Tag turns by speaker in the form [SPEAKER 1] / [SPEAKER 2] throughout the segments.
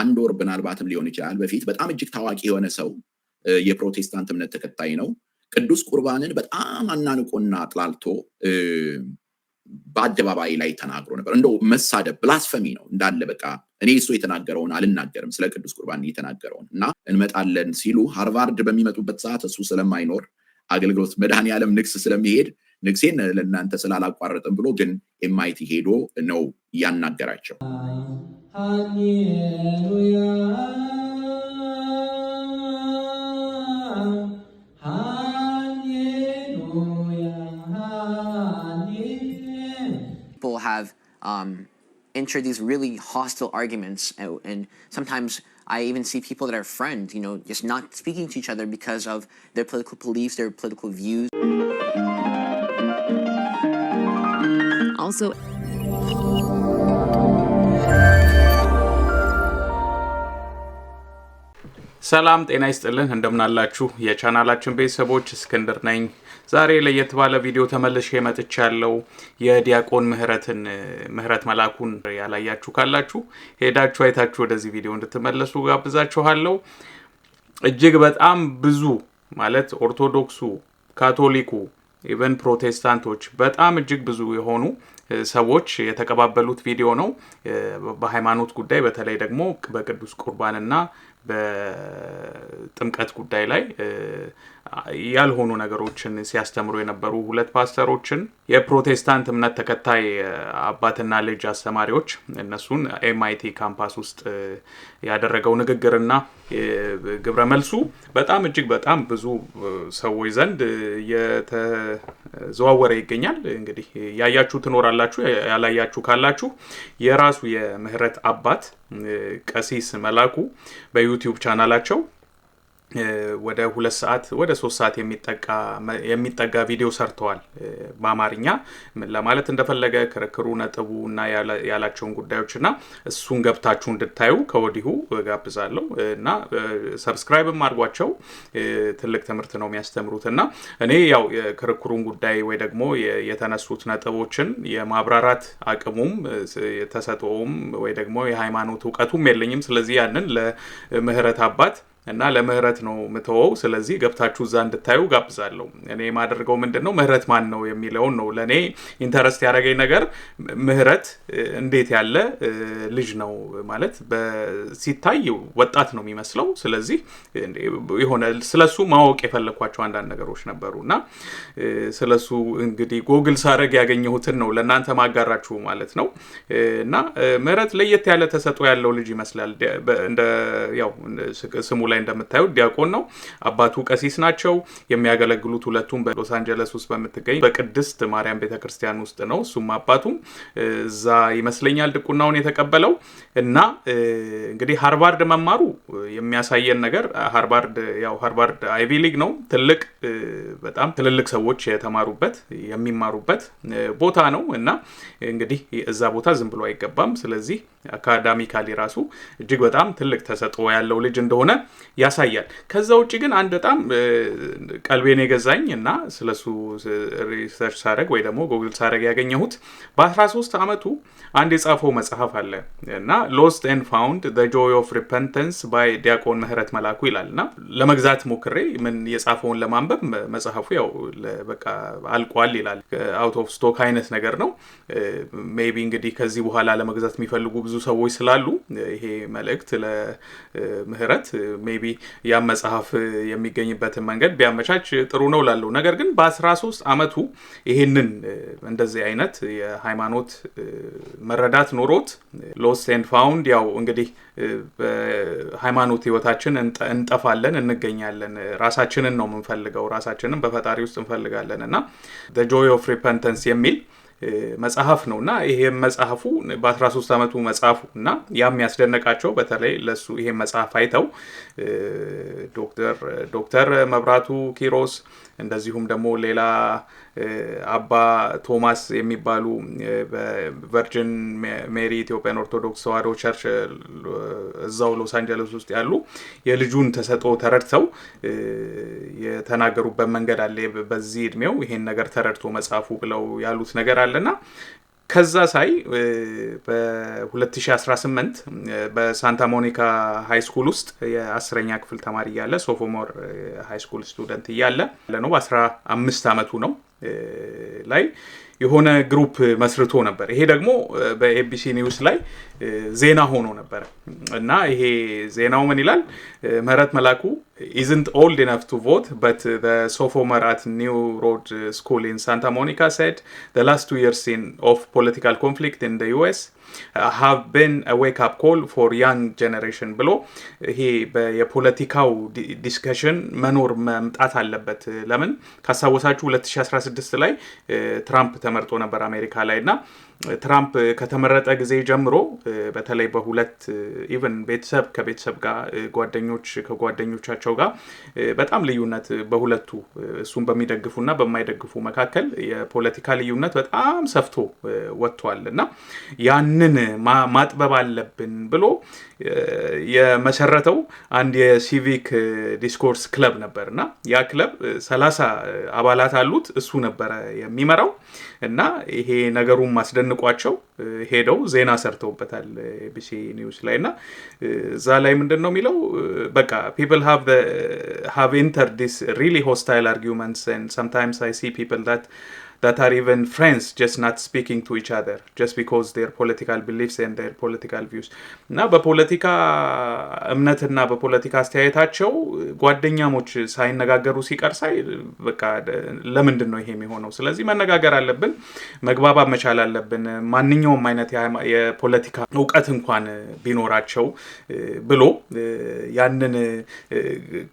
[SPEAKER 1] አንድ ወር ምናልባትም ሊሆን ይችላል በፊት በጣም እጅግ ታዋቂ የሆነ ሰው የፕሮቴስታንት እምነት ተከታይ ነው። ቅዱስ ቁርባንን በጣም አናንቆና አጥላልቶ በአደባባይ ላይ ተናግሮ ነበር። እንደው መሳደብ ብላስፈሚ ነው እንዳለ በቃ እኔ እሱ የተናገረውን አልናገርም፣ ስለ ቅዱስ ቁርባን የተናገረውን እና እንመጣለን ሲሉ ሃርቫርድ በሚመጡበት ሰዓት እሱ ስለማይኖር አገልግሎት መድኃኔ ዓለም ንግስ ስለሚሄድ ንግሴን ለእናንተ ስላላቋረጥም ብሎ ግን ኤምአይቲ ሄዶ ነው ያናገራቸው። ሃሌሉያ
[SPEAKER 2] have introduced um, really hostile arguments, uh, and, sometimes I even see people that are friends, you know, just not speaking to each other because of their political beliefs, their political views. also
[SPEAKER 1] ሰላም ጤና ይስጥልን፣ እንደምናላችሁ የቻናላችን ቤተሰቦች እስክንድር ነኝ። ዛሬ ለየት ባለ ቪዲዮ ተመልሽ መጥቼ ያለው የዲያቆን ምህረትን ምህረት መላኩን ያላያችሁ ካላችሁ ሄዳችሁ አይታችሁ ወደዚህ ቪዲዮ እንድትመለሱ ጋብዛችኋለው እጅግ በጣም ብዙ ማለት ኦርቶዶክሱ፣ ካቶሊኩ ኢቨን ፕሮቴስታንቶች በጣም እጅግ ብዙ የሆኑ ሰዎች የተቀባበሉት ቪዲዮ ነው። በሃይማኖት ጉዳይ በተለይ ደግሞ በቅዱስ ቁርባንና በጥምቀት ጉዳይ ላይ ያልሆኑ ነገሮችን ሲያስተምሩ የነበሩ ሁለት ፓስተሮችን የፕሮቴስታንት እምነት ተከታይ አባትና ልጅ አስተማሪዎች እነሱን ኤምአይቲ ካምፓስ ውስጥ ያደረገው ንግግርና ግብረ መልሱ በጣም እጅግ በጣም ብዙ ሰዎች ዘንድ እየተዘዋወረ ይገኛል። እንግዲህ ያያችሁ ትኖራላችሁ፣ ያላያችሁ ካላችሁ የራሱ የምህረት አባት ቀሲስ መላኩ በዩቲዩብ ቻናላቸው ወደ ሁለት ሰዓት ወደ ሶስት ሰዓት የሚጠጋ ቪዲዮ ሰርተዋል። በአማርኛ ለማለት እንደፈለገ ክርክሩ፣ ነጥቡ እና ያላቸውን ጉዳዮች እና እሱን ገብታችሁ እንድታዩ ከወዲሁ ጋብዛለሁ እና ሰብስክራይብም አድርጓቸው። ትልቅ ትምህርት ነው የሚያስተምሩት እና እኔ ያው የክርክሩን ጉዳይ ወይ ደግሞ የተነሱት ነጥቦችን የማብራራት አቅሙም ተሰጥኦም ወይ ደግሞ የሃይማኖት እውቀቱም የለኝም። ስለዚህ ያንን ለምህረት አባት እና ለምህረት ነው ምትወው። ስለዚህ ገብታችሁ እዛ እንድታዩ ጋብዛለሁ። እኔ የማደርገው ምንድን ነው ምህረት ማን ነው የሚለውን ነው። ለእኔ ኢንተረስት ያደረገኝ ነገር ምህረት እንዴት ያለ ልጅ ነው ማለት ሲታይ ወጣት ነው የሚመስለው። ስለዚህ የሆነ ስለሱ ማወቅ የፈለግኳቸው አንዳንድ ነገሮች ነበሩ እና ስለሱ እንግዲህ ጎግል ሳረግ ያገኘሁትን ነው ለእናንተ ማጋራችሁ ማለት ነው። እና ምህረት ለየት ያለ ተሰጥኦ ያለው ልጅ ይመስላል ያው ስሙ ላይ ላይ እንደምታዩት ዲያቆን ነው። አባቱ ቀሲስ ናቸው። የሚያገለግሉት ሁለቱም በሎስ አንጀለስ ውስጥ በምትገኝ በቅድስት ማርያም ቤተክርስቲያን ውስጥ ነው። እሱም አባቱም እዛ ይመስለኛል ድቁናውን የተቀበለው እና እንግዲህ ሃርቫርድ መማሩ የሚያሳየን ነገር ሃርቫርድ ያው ሃርቫርድ አይቪ ሊግ ነው። ትልቅ በጣም ትልልቅ ሰዎች የተማሩበት የሚማሩበት ቦታ ነው እና እንግዲህ እዛ ቦታ ዝም ብሎ አይገባም። ስለዚህ አካዳሚካሊ ራሱ እጅግ በጣም ትልቅ ተሰጥኦ ያለው ልጅ እንደሆነ ያሳያል። ከዛ ውጭ ግን አንድ በጣም ቀልቤን የገዛኝ እና ስለሱ ሪሰርች ሳረግ ወይ ደግሞ ጎግል ሳረግ ያገኘሁት በ13 ዓመቱ አንድ የጻፈው መጽሐፍ አለ እና ሎስት ኤን ፋውንድ ዘ ጆይ ኦፍ ሪፐንተንስ ባይ ዲያቆን ምህረት መላኩ ይላል እና ለመግዛት ሞክሬ ምን የጻፈውን ለማንበብ መጽሐፉ ያው በቃ አልቋል ይላል። አውት ኦፍ ስቶክ አይነት ነገር ነው። ሜይ ቢ እንግዲህ ከዚህ በኋላ ለመግዛት የሚፈልጉ ብዙ ሰዎች ስላሉ ይሄ መልእክት ለምህረት ሜቢ ቢ ያ መጽሐፍ የሚገኝበትን መንገድ ቢያመቻች ጥሩ ነው ላለው ነገር ግን በ13 ዓመቱ ይህንን እንደዚህ አይነት የሃይማኖት መረዳት ኖሮት ሎስት ኤንድ ፋውንድ ያው እንግዲህ በሃይማኖት ህይወታችን እንጠፋለን፣ እንገኛለን፣ ራሳችንን ነው የምንፈልገው፣ ራሳችንን በፈጣሪ ውስጥ እንፈልጋለን እና ጆይ ኦፍ ሪፐንተንስ የሚል መጽሐፍ ነው እና ይሄ መጽሐፉ በ13 ዓመቱ መጽሐፉ እና ያም ያስደነቃቸው በተለይ ለሱ ይሄ መጽሐፍ አይተው ዶክተር መብራቱ ኪሮስ እንደዚሁም ደግሞ ሌላ አባ ቶማስ የሚባሉ በቨርጅን ሜሪ ኢትዮጵያን ኦርቶዶክስ ተዋህዶ ቸርች እዛው ሎስ አንጀለስ ውስጥ ያሉ የልጁን ተሰጦ ተረድተው የተናገሩበት መንገድ አለ። በዚህ እድሜው ይሄን ነገር ተረድቶ መጽሐፉ ብለው ያሉት ነገር አለና ከዛ ሳይ በ2018 በሳንታ ሞኒካ ሃይ ስኩል ውስጥ የአስረኛ ክፍል ተማሪ እያለ ሶፎሞር ሃይ ስኩል ስቱደንት እያለ ለነው በ15 ዓመቱ ነው ላይ የሆነ ግሩፕ መስርቶ ነበር። ይሄ ደግሞ በኤቢሲ ኒውስ ላይ ዜና ሆኖ ነበረ እና ይሄ ዜናው ምን ይላል? ምህረት መላኩ ኢዝንት ኦልድ ኢነፍ ቱ ቮት በት ሶፎ አት ኒው ሮድ ስኩል ኢን ሳንታ ሞኒካ ሰድ ላስት ቱ የርስ ኦፍ ፖለቲካል ኮንፍሊክት ኢን ዩኤስ ሀቭ ቤን ዌክ አፕ ኮል ፎር ያንግ ጀኔሬሽን ብሎ ይሄ የፖለቲካው ዲስከሽን መኖር መምጣት አለበት። ለምን ካስታወሳችሁ 2016 ላይ ትራምፕ ተመርጦ ነበር አሜሪካ ላይ እና ትራምፕ ከተመረጠ ጊዜ ጀምሮ በተለይ በሁለት ኢቨን ቤተሰብ ከቤተሰብ ጋር ጓደኞች ከጓደኞቻቸው ጋር በጣም ልዩነት በሁለቱ እሱን በሚደግፉና በማይደግፉ መካከል የፖለቲካ ልዩነት በጣም ሰፍቶ ወጥቷል እና ያንን ማጥበብ አለብን ብሎ የመሰረተው አንድ የሲቪክ ዲስኮርስ ክለብ ነበር እና ያ ክለብ ሰላሳ አባላት አሉት። እሱ ነበረ የሚመራው እና ይሄ ነገሩን ማስደንቋቸው ሄደው ዜና ሰርተውበታል ቢሲ ኒውስ ላይ እና እዛ ላይ ምንድን ነው የሚለው በቃ ፒፕል ሃቭ ኢንተር ዲስ ሪሊ ሆስታይል አርጊመንትስ ሰምታይምስ አይ ሲ ፒፕል that are even friends just not speaking to each other just because their political beliefs and their political views እና በፖለቲካ እምነትና በፖለቲካ አስተያየታቸው ጓደኛሞች ሳይነጋገሩ ሲቀርሳይ ሳይ በቃ ለምንድን ነው ይሄ የሚሆነው? ስለዚህ መነጋገር አለብን፣ መግባባ መቻል አለብን። ማንኛውም አይነት የፖለቲካ እውቀት እንኳን ቢኖራቸው ብሎ ያንን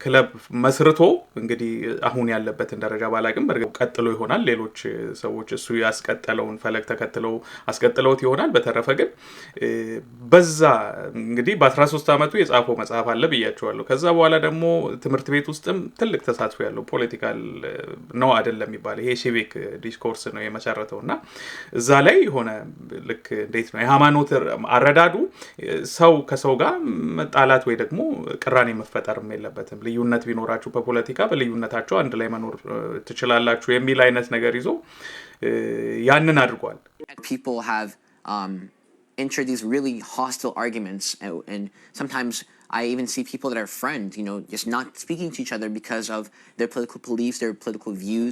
[SPEAKER 1] ክለብ መስርቶ እንግዲህ አሁን ያለበትን ደረጃ ባላቅም ቀጥሎ ይሆናል ሌሎች ሰዎች እሱ ያስቀጠለውን ፈለግ ተከትለው አስቀጥለውት ይሆናል። በተረፈ ግን በዛ እንግዲህ በ13 ዓመቱ የጻፈው መጽሐፍ አለ ብያቸዋለሁ። ከዛ በኋላ ደግሞ ትምህርት ቤት ውስጥም ትልቅ ተሳትፎ ያለው ፖለቲካል ነው አይደለም የሚባል ይሄ ሲቪክ ዲስኮርስ ነው የመሰረተው እና እዛ ላይ የሆነ ልክ እንዴት ነው የሃይማኖት አረዳዱ ሰው ከሰው ጋር መጣላት ወይ ደግሞ ቅራኔ መፈጠርም የለበትም። ልዩነት ቢኖራችሁ በፖለቲካ በልዩነታቸው አንድ ላይ መኖር ትችላላችሁ የሚል አይነት ነገር ይዞ ያንን አድርጓል።
[SPEAKER 2] um, entered these really hostile arguments and, uh, and, sometimes i even see people that are friends you know just not speaking to each other because of their political beliefs their political views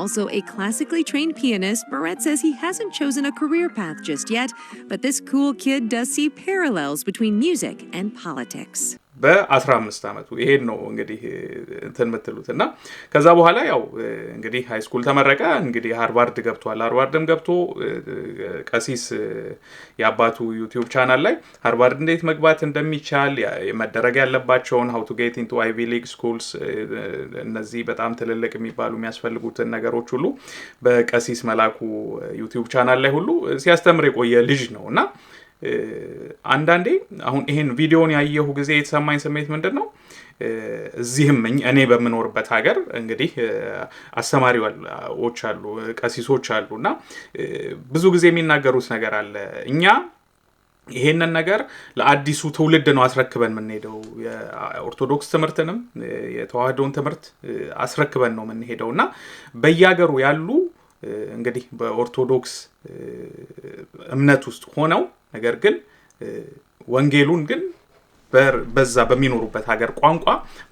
[SPEAKER 3] also a classically trained pianist, Barrett says he hasn't chosen a career path just yet, but this cool kid does see parallels between music and politics.
[SPEAKER 1] በ15 ዓመቱ ይሄን ነው እንግዲህ እንትን የምትሉት እና ከዛ በኋላ ያው እንግዲህ ሃይስኩል ተመረቀ። እንግዲህ ሃርቫርድ ገብቷል። ሃርቫርድም ገብቶ ቀሲስ የአባቱ ዩቲዩብ ቻናል ላይ ሃርቫርድ እንዴት መግባት እንደሚቻል መደረግ ያለባቸውን ሀው ቱ ጌት ኢንቱ አይቪ ሊግ ስኩልስ፣ እነዚህ በጣም ትልልቅ የሚባሉ የሚያስፈልጉትን ነገሮች ሁሉ በቀሲስ መላኩ ዩቲዩብ ቻናል ላይ ሁሉ ሲያስተምር የቆየ ልጅ ነው እና አንዳንዴ አሁን ይሄን ቪዲዮን ያየሁ ጊዜ የተሰማኝ ስሜት ምንድን ነው? እዚህም እኔ በምኖርበት ሀገር እንግዲህ አስተማሪዎች አሉ፣ ቀሲሶች አሉ እና ብዙ ጊዜ የሚናገሩት ነገር አለ እኛ ይሄንን ነገር ለአዲሱ ትውልድ ነው አስረክበን የምንሄደው። የኦርቶዶክስ ትምህርትንም የተዋህዶን ትምህርት አስረክበን ነው የምንሄደው እና በየሀገሩ ያሉ እንግዲህ በኦርቶዶክስ እምነት ውስጥ ሆነው ነገር ግን ወንጌሉን ግን በዛ በሚኖሩበት ሀገር ቋንቋ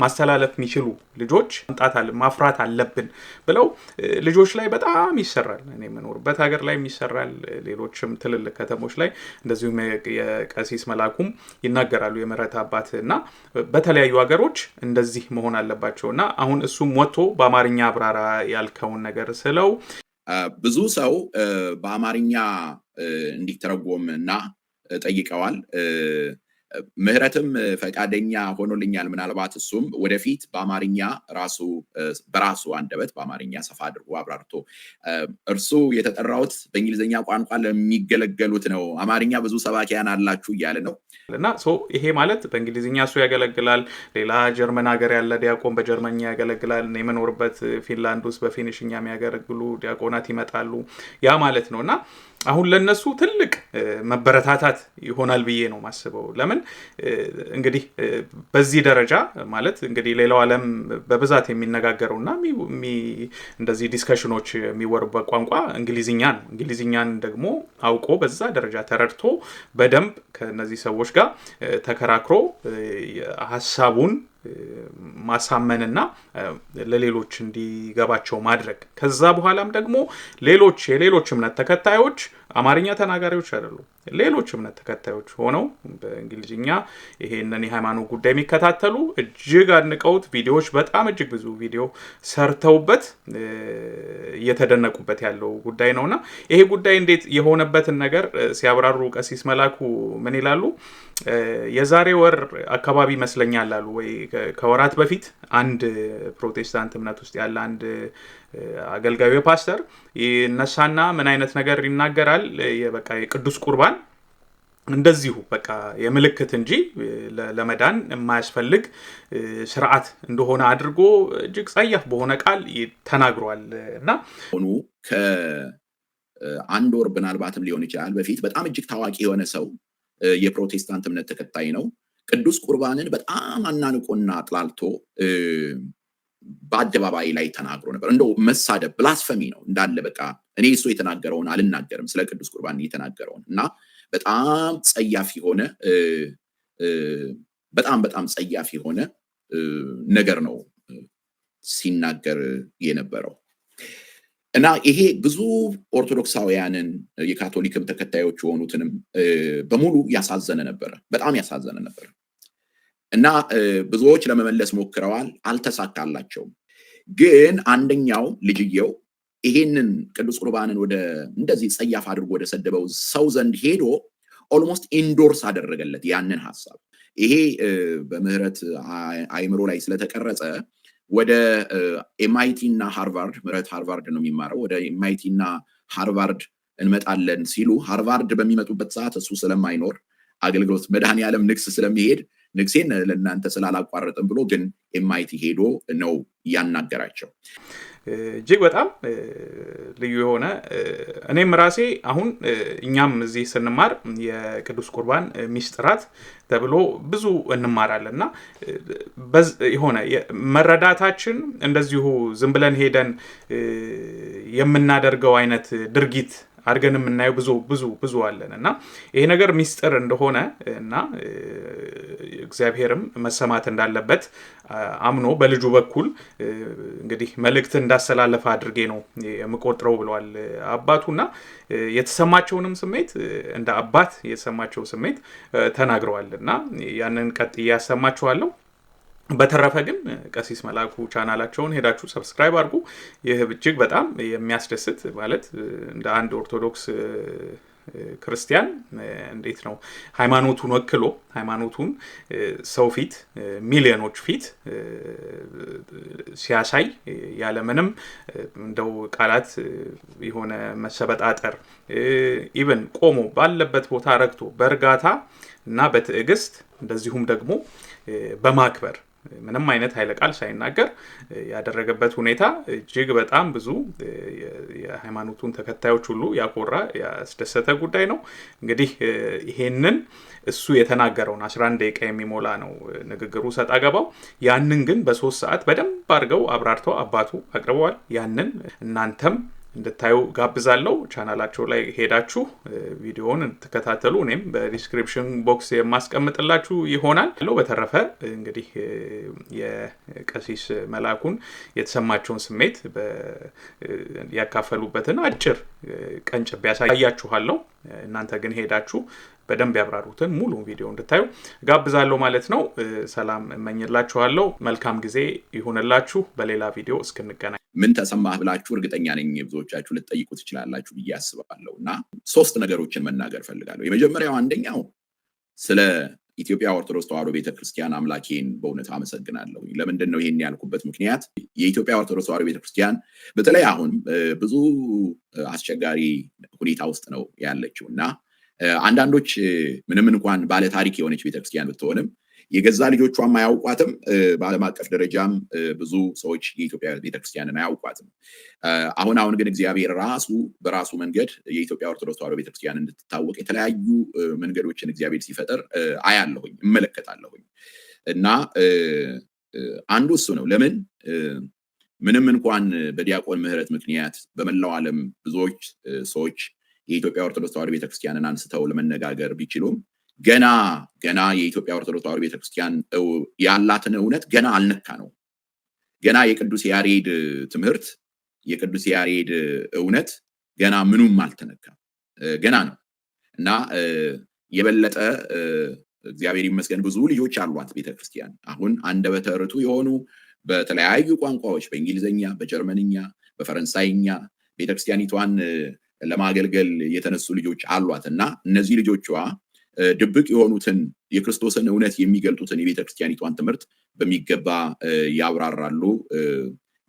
[SPEAKER 1] ማስተላለፍ የሚችሉ ልጆች ማምጣት ማፍራት አለብን ብለው ልጆች ላይ በጣም ይሰራል። እኔ የምኖርበት ሀገር ላይ ይሰራል። ሌሎችም ትልልቅ ከተሞች ላይ እንደዚሁም የቀሲስ መላኩም ይናገራሉ። የምህረት አባት እና በተለያዩ ሀገሮች እንደዚህ መሆን አለባቸው እና አሁን እሱም ወጥቶ በአማርኛ አብራራ ያልከውን ነገር ስለው ብዙ ሰው በአማርኛ እንዲተረጎም እና ጠይቀዋል። ምህረትም ፈቃደኛ ሆኖልኛል። ምናልባት እሱም ወደፊት በአማርኛ ራሱ በራሱ አንደበት በአማርኛ ሰፋ አድርጎ አብራርቶ እርሱ የተጠራውት በእንግሊዝኛ ቋንቋ ለሚገለገሉት ነው፣ አማርኛ ብዙ ሰባኪያን አላችሁ እያለ ነው እና ይሄ ማለት በእንግሊዝኛ እሱ ያገለግላል። ሌላ ጀርመን ሀገር ያለ ዲያቆን በጀርመንኛ ያገለግላል። የምኖርበት ፊንላንድ ውስጥ በፊኒሽኛ የሚያገለግሉ ዲያቆናት ይመጣሉ። ያ ማለት ነው እና አሁን ለነሱ ትልቅ መበረታታት ይሆናል ብዬ ነው ማስበው። ለምን እንግዲህ በዚህ ደረጃ ማለት እንግዲህ ሌላው ዓለም በብዛት የሚነጋገረው እና እንደዚህ ዲስከሽኖች የሚወሩበት ቋንቋ እንግሊዝኛ ነው። እንግሊዝኛን ደግሞ አውቆ በዛ ደረጃ ተረድቶ በደንብ ከነዚህ ሰዎች ጋር ተከራክሮ ሀሳቡን ማሳመንና ለሌሎች እንዲገባቸው ማድረግ ከዛ በኋላም ደግሞ ሌሎች የሌሎች እምነት ተከታዮች አማርኛ ተናጋሪዎች አይደሉም። ሌሎች እምነት ተከታዮች ሆነው በእንግሊዝኛ ይሄንን የሃይማኖት ጉዳይ የሚከታተሉ እጅግ አድንቀውት ቪዲዮዎች በጣም እጅግ ብዙ ቪዲዮ ሰርተውበት እየተደነቁበት ያለው ጉዳይ ነውና ይሄ ጉዳይ እንዴት የሆነበትን ነገር ሲያብራሩ ቀሲስ መላኩ ምን ይላሉ? የዛሬ ወር አካባቢ ይመስለኛል አሉ ወይ ከወራት በፊት አንድ ፕሮቴስታንት እምነት ውስጥ ያለ አንድ አገልጋዩ ፓስተር ይነሳና ምን አይነት ነገር ይናገራል? በቃ የቅዱስ ቁርባን እንደዚሁ በቃ የምልክት እንጂ ለመዳን የማያስፈልግ ስርዓት እንደሆነ አድርጎ እጅግ ጸያፍ በሆነ ቃል ተናግሯል እና ሆኑ ከአንድ ወር ምናልባትም ሊሆን ይችላል በፊት በጣም እጅግ ታዋቂ የሆነ ሰው የፕሮቴስታንት እምነት ተከታይ ነው ቅዱስ ቁርባንን በጣም አናንቆና አጥላልቶ በአደባባይ ላይ ተናግሮ ነበር። እንደው መሳደብ ብላስፈሚ ነው እንዳለ በቃ እኔ እሱ የተናገረውን አልናገርም፣ ስለ ቅዱስ ቁርባን የተናገረውን እና በጣም ጸያፍ የሆነ በጣም በጣም ጸያፍ የሆነ ነገር ነው ሲናገር የነበረው። እና ይሄ ብዙ ኦርቶዶክሳውያንን የካቶሊክም ተከታዮች የሆኑትንም በሙሉ ያሳዘነ ነበረ፣ በጣም ያሳዘነ ነበረ። እና ብዙዎች ለመመለስ ሞክረዋል፣ አልተሳካላቸውም። ግን አንደኛው ልጅየው ይሄንን ቅዱስ ቁርባንን ወደ እንደዚህ ጸያፍ አድርጎ ወደ ሰደበው ሰው ዘንድ ሄዶ ኦልሞስት ኢንዶርስ አደረገለት ያንን ሀሳብ። ይሄ በምህረት አይምሮ ላይ ስለተቀረጸ ወደ ኤምአይቲ እና ሃርቫርድ ምረት ሃርቫርድ ነው የሚማረው። ወደ ኤምአይቲ እና ሃርቫርድ እንመጣለን ሲሉ ሃርቫርድ በሚመጡበት ሰዓት እሱ ስለማይኖር አገልግሎት መድኃኔ ዓለም ንግስ ስለሚሄድ ንግሴን ለእናንተ ስላላቋረጥም ብሎ ግን ኤምአይቲ ሄዶ ነው ያናገራቸው። እጅግ በጣም ልዩ የሆነ እኔም ራሴ አሁን እኛም እዚህ ስንማር የቅዱስ ቁርባን ሚስጥራት ተብሎ ብዙ እንማራለን እና የሆነ መረዳታችን እንደዚሁ ዝም ብለን ሄደን የምናደርገው አይነት ድርጊት አድርገን የምናየው ብዙ ብዙ ብዙ አለን እና ይሄ ነገር ሚስጥር እንደሆነ እና እግዚአብሔርም መሰማት እንዳለበት አምኖ በልጁ በኩል እንግዲህ መልእክት እንዳስተላለፈ አድርጌ ነው የምቆጥረው ብለዋል እና የተሰማቸውንም ስሜት እንደ አባት የተሰማቸው ስሜት ተናግረዋል እና ያንን ቀጥ ያሰማችኋለሁ። በተረፈ ግን ቀሲስ መላኩ ቻናላቸውን ሄዳችሁ ሰብስክራይብ አድርጉ። ይህ እጅግ በጣም የሚያስደስት ማለት እንደ አንድ ኦርቶዶክስ ክርስቲያን እንዴት ነው ሃይማኖቱን ወክሎ ሃይማኖቱን ሰው ፊት ሚሊዮኖች ፊት ሲያሳይ ያለምንም እንደው ቃላት የሆነ መሰበጣጠር ኢቨን ቆሞ ባለበት ቦታ ረግቶ በእርጋታ እና በትዕግስት እንደዚሁም ደግሞ በማክበር ምንም አይነት ኃይለ ቃል ሳይናገር ያደረገበት ሁኔታ እጅግ በጣም ብዙ የሃይማኖቱን ተከታዮች ሁሉ ያኮራ ያስደሰተ ጉዳይ ነው። እንግዲህ ይሄንን እሱ የተናገረውን 11 ደቂቃ የሚሞላ ነው ንግግሩ ሰጥ አገባው። ያንን ግን በሶስት ሰዓት በደንብ አድርገው አብራርተው አባቱ አቅርበዋል። ያንን እናንተም እንድታዩ ጋብዛለሁ። ቻናላቸው ላይ ሄዳችሁ ቪዲዮውን እንድትከታተሉ እኔም በዲስክሪፕሽን ቦክስ የማስቀምጥላችሁ ይሆናል። ለው በተረፈ እንግዲህ የቀሲስ መላኩን የተሰማቸውን ስሜት ያካፈሉበትን አጭር ቀንጭብ ያሳያችኋለሁ። እናንተ ግን ሄዳችሁ በደንብ ያብራሩትን ሙሉ ቪዲዮ እንድታዩ ጋብዛለሁ ማለት ነው። ሰላም እመኝላችኋለሁ። መልካም ጊዜ ይሁንላችሁ። በሌላ ቪዲዮ እስክንገናኝ። ምን ተሰማህ ብላችሁ እርግጠኛ ነኝ ብዙዎቻችሁ ልትጠይቁ ትችላላችሁ ብዬ አስባለሁ እና ሶስት ነገሮችን መናገር ፈልጋለሁ። የመጀመሪያው አንደኛው ስለ ኢትዮጵያ ኦርቶዶክስ ተዋሕዶ ቤተክርስቲያን አምላኬን በእውነት አመሰግናለሁ። ለምንድን ነው ይሄን ያልኩበት ምክንያት የኢትዮጵያ ኦርቶዶክስ ተዋሕዶ ቤተክርስቲያን በተለይ አሁን ብዙ አስቸጋሪ ሁኔታ ውስጥ ነው ያለችው እና አንዳንዶች ምንም እንኳን ባለ ታሪክ የሆነች ቤተክርስቲያን ብትሆንም የገዛ ልጆቿም አያውቋትም። በዓለም አቀፍ ደረጃም ብዙ ሰዎች የኢትዮጵያ ቤተክርስቲያንን አያውቋትም። አሁን አሁን ግን እግዚአብሔር ራሱ በራሱ መንገድ የኢትዮጵያ ኦርቶዶክስ ተዋሕዶ ቤተክርስቲያን እንድትታወቅ የተለያዩ መንገዶችን እግዚአብሔር ሲፈጠር አያለሁኝ፣ እመለከታለሁኝ እና አንዱ እሱ ነው። ለምን ምንም እንኳን በዲያቆን ምህረት ምክንያት በመላው ዓለም ብዙዎች ሰዎች የኢትዮጵያ ኦርቶዶክስ ተዋሕዶ ቤተክርስቲያንን አንስተው ለመነጋገር ቢችሉም ገና ገና የኢትዮጵያ ኦርቶዶክስ ተዋሕዶ ቤተክርስቲያን ያላትን እውነት ገና አልነካ ነው። ገና የቅዱስ ያሬድ ትምህርት የቅዱስ ያሬድ እውነት ገና ምኑም አልተነካ ገና ነው እና የበለጠ እግዚአብሔር ይመስገን ብዙ ልጆች አሏት ቤተክርስቲያን። አሁን አንደበተ ርቱዕ የሆኑ በተለያዩ ቋንቋዎች በእንግሊዝኛ፣ በጀርመንኛ፣ በፈረንሳይኛ ቤተክርስቲያኒቷን ለማገልገል የተነሱ ልጆች አሏት እና እነዚህ ልጆቿ ድብቅ የሆኑትን የክርስቶስን እውነት የሚገልጡትን ክርስቲያኒቷን ትምህርት በሚገባ ያብራራሉ፣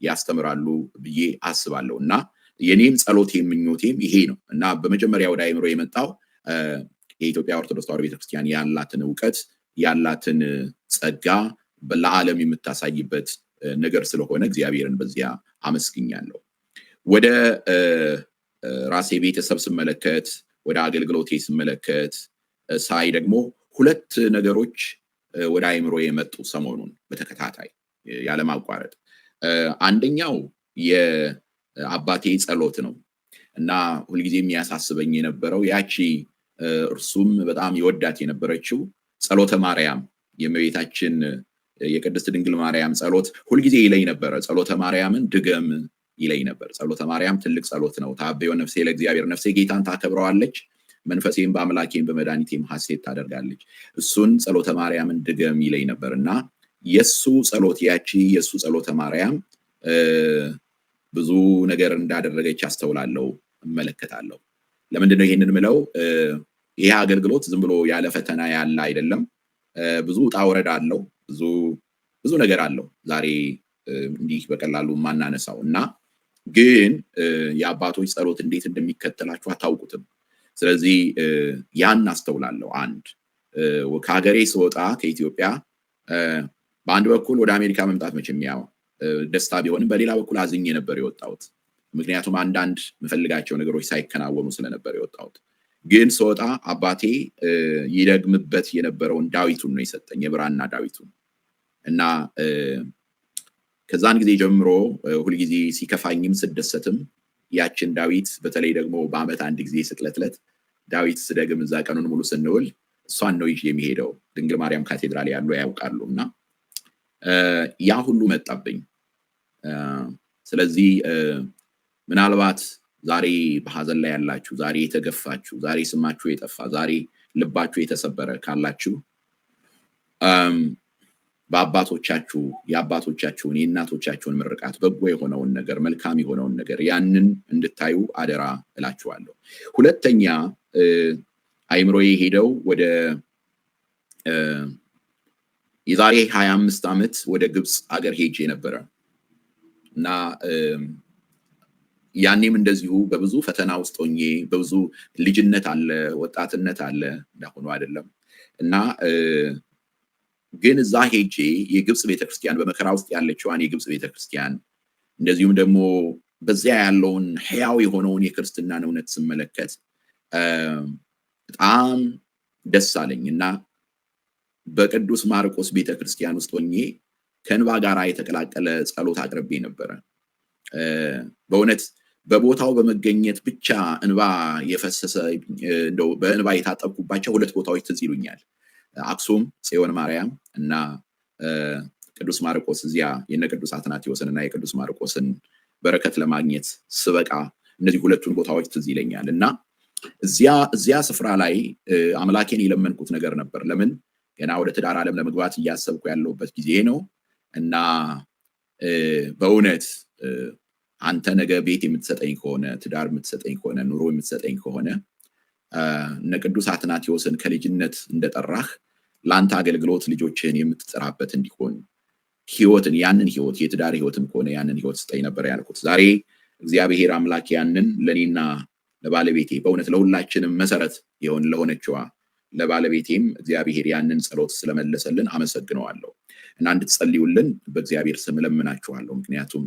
[SPEAKER 1] ያስተምራሉ ብዬ አስባለሁ እና የኔም ጸሎት የምኞቴም ይሄ ነው እና በመጀመሪያ ወደ አይምሮ የመጣው የኢትዮጵያ ኦርቶዶክስ ተዋሕዶ ቤተክርስቲያን ያላትን እውቀት ያላትን ጸጋ ለዓለም የምታሳይበት ነገር ስለሆነ እግዚአብሔርን በዚያ አመስግኛለሁ። ወደ ራሴ ቤተሰብ ስመለከት፣ ወደ አገልግሎቴ ስመለከት ሳይ ደግሞ ሁለት ነገሮች ወደ አይምሮ የመጡ ሰሞኑን በተከታታይ ያለማቋረጥ አንደኛው የአባቴ ጸሎት ነው እና ሁልጊዜ የሚያሳስበኝ የነበረው ያቺ እርሱም በጣም ይወዳት የነበረችው ጸሎተ ማርያም የእመቤታችን የቅድስት ድንግል ማርያም ጸሎት ሁልጊዜ ይለኝ ነበረ። ጸሎተ ማርያምን ድገም ይለይ ነበር። ጸሎተ ማርያም ትልቅ ጸሎት ነው። ታበዮ ነፍሴ ለእግዚአብሔር፣ ነፍሴ ጌታን ታከብረዋለች፣ መንፈሴም በአምላኬም በመድኃኒቴም ሐሴት ታደርጋለች። እሱን ጸሎተ ማርያምን ድገም ይለይ ነበር እና የእሱ ጸሎት ያቺ የእሱ ጸሎተ ማርያም ብዙ ነገር እንዳደረገች አስተውላለሁ፣ እመለከታለሁ። ለምንድን ነው ይህንን ምለው? ይሄ አገልግሎት ዝም ብሎ ያለ ፈተና ያለ አይደለም። ብዙ ውጣ ውረድ አለው፣ ብዙ ብዙ ነገር አለው። ዛሬ እንዲህ በቀላሉ ማናነሳው እና ግን የአባቶች ጸሎት እንዴት እንደሚከተላችሁ አታውቁትም። ስለዚህ ያን አስተውላለሁ። አንድ ከሀገሬ ስወጣ ከኢትዮጵያ በአንድ በኩል ወደ አሜሪካ መምጣት መቼም ያው ደስታ ቢሆንም በሌላ በኩል አዝኜ ነበር የወጣሁት። ምክንያቱም አንዳንድ የምፈልጋቸው ነገሮች ሳይከናወኑ ስለነበር የወጣሁት። ግን ስወጣ አባቴ ይደግምበት የነበረውን ዳዊቱን ነው የሰጠኝ፣ የብራና ዳዊቱን እና ከዛን ጊዜ ጀምሮ ሁልጊዜ ሲከፋኝም ስደሰትም ያችን ዳዊት በተለይ ደግሞ በአመት አንድ ጊዜ ስቅለት ዳዊት ስደግም እዛ ቀኑን ሙሉ ስንውል እሷን ነው ይዤ የሚሄደው። ድንግል ማርያም ካቴድራል ያሉ ያውቃሉ። እና ያ ሁሉ መጣብኝ። ስለዚህ ምናልባት ዛሬ በሀዘን ላይ ያላችሁ፣ ዛሬ የተገፋችሁ፣ ዛሬ ስማችሁ የጠፋ፣ ዛሬ ልባችሁ የተሰበረ ካላችሁ በአባቶቻችሁ የአባቶቻችሁን የእናቶቻችሁን ምርቃት በጎ የሆነውን ነገር መልካም የሆነውን ነገር ያንን እንድታዩ አደራ እላችኋለሁ። ሁለተኛ አይምሮ ሄደው ወደ የዛሬ ሀያ አምስት ዓመት ወደ ግብፅ ሀገር ሄጄ ነበረ እና ያኔም እንደዚሁ በብዙ ፈተና ውስጥ ሆኜ በብዙ ልጅነት አለ፣ ወጣትነት አለ፣ እንዳሁኑ አይደለም እና ግን እዛ ሄጄ የግብፅ ቤተክርስቲያን በመከራ ውስጥ ያለችዋን የግብፅ ቤተክርስቲያን እንደዚሁም ደግሞ በዚያ ያለውን ሕያው የሆነውን የክርስትናን እውነት ስመለከት በጣም ደስ አለኝ እና በቅዱስ ማርቆስ ቤተክርስቲያን ውስጥ ሆኜ ከእንባ ጋር የተቀላቀለ ጸሎት አቅርቤ ነበረ። በእውነት በቦታው በመገኘት ብቻ እንባ የፈሰሰ በእንባ የታጠብኩባቸው ሁለት ቦታዎች ትዝ ይሉኛል። አክሱም፣ ጽዮን ማርያም እና ቅዱስ ማርቆስ እዚያ የነ ቅዱስ አትናቴዎስን እና የቅዱስ ማርቆስን በረከት ለማግኘት ስበቃ እነዚህ ሁለቱን ቦታዎች ትዝ ይለኛል እና እዚያ ስፍራ ላይ አምላኬን የለመንኩት ነገር ነበር። ለምን ገና ወደ ትዳር ዓለም ለመግባት እያሰብኩ ያለሁበት ጊዜ ነው እና በእውነት አንተ ነገ ቤት የምትሰጠኝ ከሆነ ትዳር የምትሰጠኝ ከሆነ ኑሮ የምትሰጠኝ ከሆነ እነ ቅዱስ አትናቴዎስን ከልጅነት እንደጠራህ ለአንተ አገልግሎት ልጆችህን የምትጠራበት እንዲሆን ህይወትን ያንን ህይወት የትዳር ህይወትም ከሆነ ያንን ህይወት ስጠኝ ነበር ያልኩት። ዛሬ እግዚአብሔር አምላክ ያንን ለእኔና ለባለቤቴ በእውነት ለሁላችንም መሰረት የሆን ለሆነችዋ ለባለቤቴም እግዚአብሔር ያንን ጸሎት ስለመለሰልን አመሰግነዋለሁ እና እንድትጸልዩልን በእግዚአብሔር ስም እለምናችኋለሁ። ምክንያቱም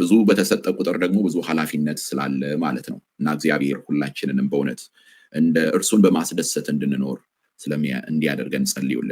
[SPEAKER 1] ብዙ በተሰጠ ቁጥር ደግሞ ብዙ ኃላፊነት ስላለ ማለት ነው እና እግዚአብሔር ሁላችንንም በእውነት እንደ እርሱን በማስደሰት እንድንኖር ስለሚያ እንዲያደርገን ጸልዩልን።